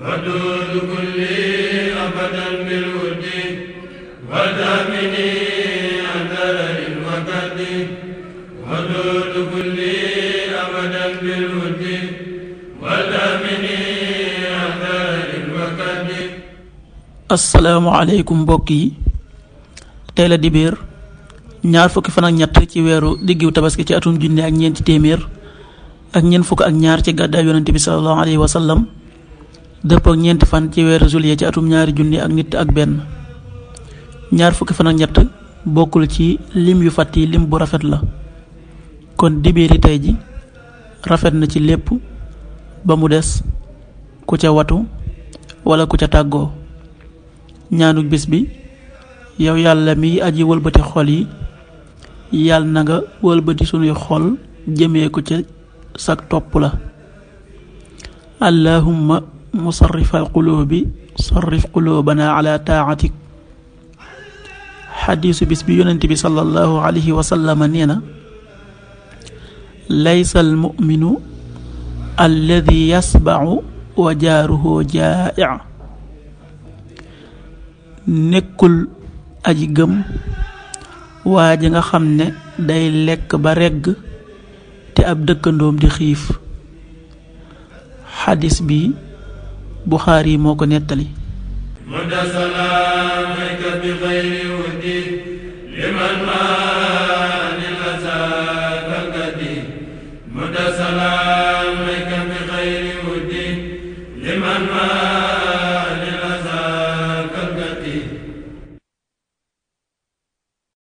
ودود كلي أبدا بالود ودامني أدر وكد ودود كلي أبدا بالود ودامني أدر وكد السلام عليكم بوكي تيلا ديبير ñaar fukki fan ak ci weeru diggiw tabaski ci atum junne ak ñeenti téeméer ak ñeent fukk ak ñaar ci gàddaay yonente bi sallallahu alayhi wa dëppook ñeenti fan ci weeru juillet ci atum ñaari junni ak nit ak benn ñaar fukki fan ak ñett bokkul ci lim yu fàtt yi lim bu rafet la kon dibéeri tey ji rafet na ci lépp ba mu des ku ca watu walla ku ca tàggoo ñaanu bis bi yow yàlla mi aji wëlbati xol yi yàlla na nga wëlbati sunuy xol jëmee ko ca sag topp la allahumma musarrifa alquluubi sarrif quluubana ala taacatik xadiisu bis bi yonent bi sallallahu alayhi wa sallama nee na laysa almuminu alladi yasbacu wa jaaruhu jaaic nekkul aji gëm waa ji nga xam ne day lekk ba regg te ab dëkkandoom di xiif xadis bi Buxaari moo ko nettali mudda salaamaka bi xayri wuddi liman ma ni la saakakati mudda salaamaka bi xayri wuddi liman ma ni la saakakati